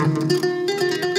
Assalamualaikum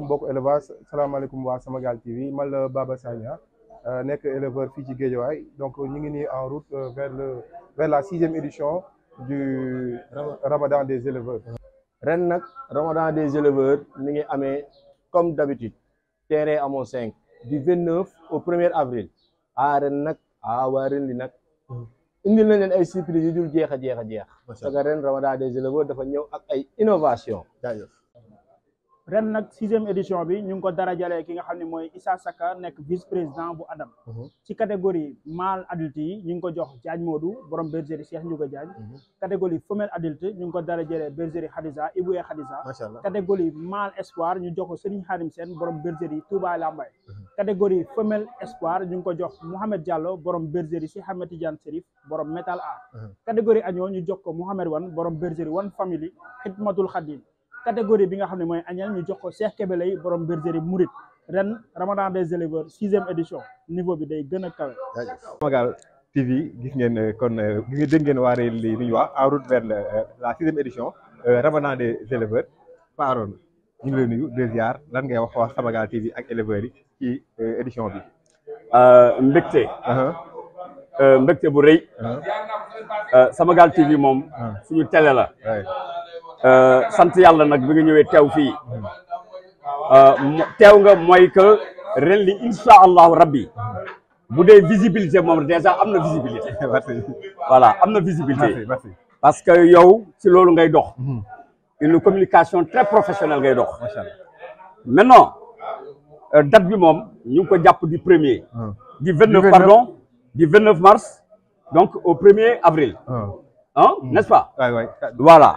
mbokk élevage assalamualaikum waa Gal TV man la Baba Euh, nek éleveur fi ci donc ñu ngi en route euh, vers le vers la sixième édition du Ramadan des éleveurs. ren Ramadan des éleveurs nous ngi amé comme d'habitude terrain mont cinq du 29 au 1er avril à ah, ren à ah waa ren li nag indil nañ len ay surprise yu dul jexa parce que ren Ramadan des éleveurs dafa ñew ak ay innovation ren nag sixième édition bi ñu ngi ko darajalee ki nga xam ne mooy Issa Saka nekk vice président bu Adam mhm. ci catégorie mâle adulte yi ñu ngi ko jox Diagne Modou borom bergerie Cheikh Ndiouga Diagne mhm. catégorie femelle adulte ñu ngi ko darajalee bergerie Khadija Ibouye Khadija catégorie mâle espoir ñu jox ko Serigne Harim Sène borom bergerie Touba Lambaye mhm. catégorie femelle espoir ñu ngi ko jox Mouhamed Diallo borom bergerie Cheikh Ahmed Tidiane Serif borom métal art catégorie agneau ñu jox ko Mouhamed Wan borom bergerie Wan Family Khidmatul Khadim catégorie bi nga xam ne mooy agnelle ñu jox ko Cheikh Kébé lay borom bergerie Mouride ren Ramadan des éleveurs sixième édition niveau bi day gën a kawe. Samagal TV gis ngeen euh, kon euh, gis ngeen dégg ngeen waa wax en route vers euh, la sixième édition Ramadan des éleveurs Paaroon ñu ngi lay nuyu deux ziar lan ngay wax waa Samagal TV ak éleveurs yi ci édition bi. mbégte. Uh-huh. mbégte bu rëy. Uh-huh. Samagal TV moom. Uh-huh. suñu télé la. Euh, sant yalla nak bi nga tew fi euh tew nga moy que visibilité déjà visibilité voilà visibilité parce que yow ci ngay mhm. une communication très professionnelle ngay maintenant euh, date bi ñu du premier ah. du pardon du mars donc au er avril ah. Hein, n'est-ce pas voilà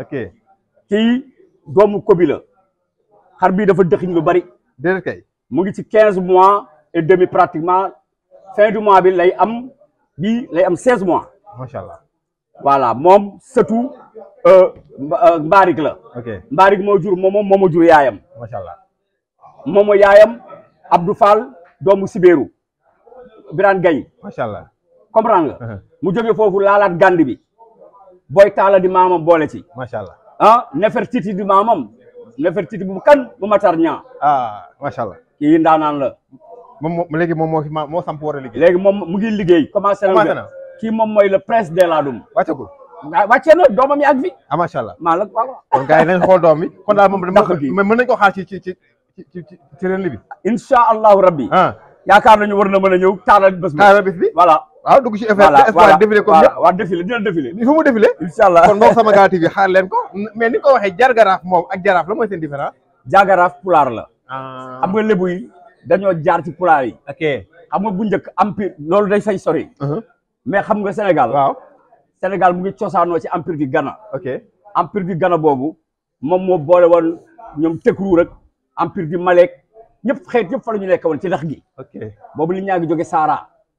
ok kii doomu kobi la xar bii dafa dëxiñ lu bari. mu ngi ci quinze mois et demi pratiquement fin mois bi lay am bii lay am seize mois. macha allah voilà moom sëtu euh, mbaarik euh, la. ok moo jur moom moo jur yaayam. macha allah moom yaayam Abdou Fall doomu Sibéeru Birane Gaye. macha allah uh-huh. mu jóge foofu laalaat gànd bi. boy taala di mamam bolé ci machallah allah ah nefertiti di mamam nefertiti bu kan bu matar ñaa ah machallah allah yi ndaanaan la mom legi mom mo mo samp wara liggey legi mom mu ngi liggey commencé na ki mom moy le prince de dum wacce ko wacce na domam ak fi ah machallah allah malak waaw kon gay nañ xol domi kon da mom mën nañ ko xal ci ci ci ci ren li bi rabbi allah rabbi yaakaar nañu war na meuna ñew taalal bës bi taalal bës bi voilà waaw dugg ci F1 F1 défilé comme ñëpp waaw défilé dina défilé fu mu défilé incha allah kon moom Samagal TV xaar leen ko mais ni nga ko waxee jargaraaf moom ak jaraaf la mooy seen pulaar la ah. xam nga lébu dañoo jaar ci pulaar yi ok xam nga bu njëkk empire loolu day say sori uh-huh. mais xam nga Sénégal Sénégal mu ngi cosaanoo ci empire du Ghana ok empire du boobu moom moo boole woon ñoom Tekru rek empire Malek ñëpp xeet ñëpp fa la ñu nekk ci dex gi ok boobu li ñaa ngi jóge Saara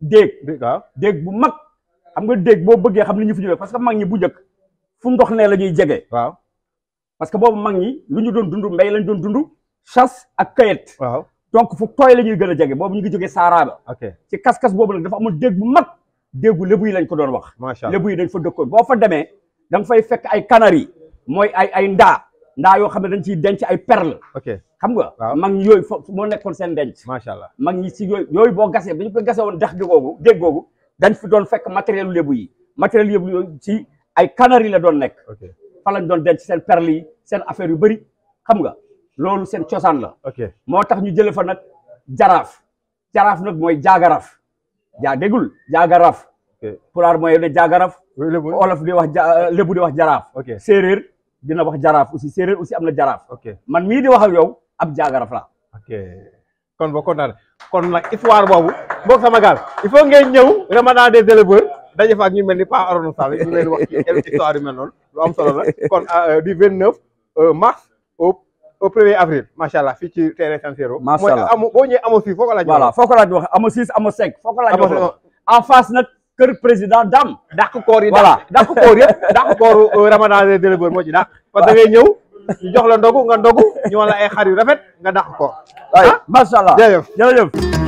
déeg waaw déeg bu mag xam nga déeg boo bëggee xam li ñu fi ñëwee parce que mag ñi bu njëkk fu ndox ne la ñuy jege waaw parce que boobu mag ñi lu ñu doon dundu mbéy lañ doon dund chasse ak kayit waaw donc fu tooy la ñuy gën a jege boobu ñu ngi jógee Saaraaba ci kas-kas boobu nag dafa amul déeg bu mag déggu lébu yi lañ ko doon wax lébu yi dañ fa dëkkoon boo fa demee da fay fekk ay kanari mooy ay ay ndaa nda yo xamne ne dañ ciy denc ay perle xam nga mag yooyu fo moo nekkoon seen denc macha allah mag ñi si yoy yoy bo gasee bi ñu ko gasee won dakh gi gogou deg gogou dañ fi doon fekk matériel lebu yi matériel lébu yoy ci ay canari la doon ok fa lañ doon denc sen perle yi sen affaire yu bari xam nga loolu sen ciosan la moo tax ñu jël fa jaraf nak moy jagaraf ja degul jagaraf déggul pour ar moy ne jaagaraaf olof di wax lebu di wax ok serer dina wax jaraaf aussi séeréer aussi am na jaraaf. man mii di wax ak yow ab jaagaraaf la. ok kon ba kon daal kon nag histoire boobu boog sama gaal il faut ngeen ñëw ramadan des éleveurs daje fa ak ñu mel ni Pa Arona Sall ñu leen wax histoire yu mel ah, euh, euh, mars au premier avril macha fii ci terrain San Siro. macha allah mooy boo ñëwee amoo six foo foo ko laaj wax amoo six amoo foo ko laaj. en face nag. kër président dam dàq koor yi voilà dàq koor yëpp dàq kooru euh, ramadan délégor moo ci dàq parce que ñëw jox la ndogu nga ndogu ñu wala ay xar yu rafet nga dàq koor ay ah? macha allah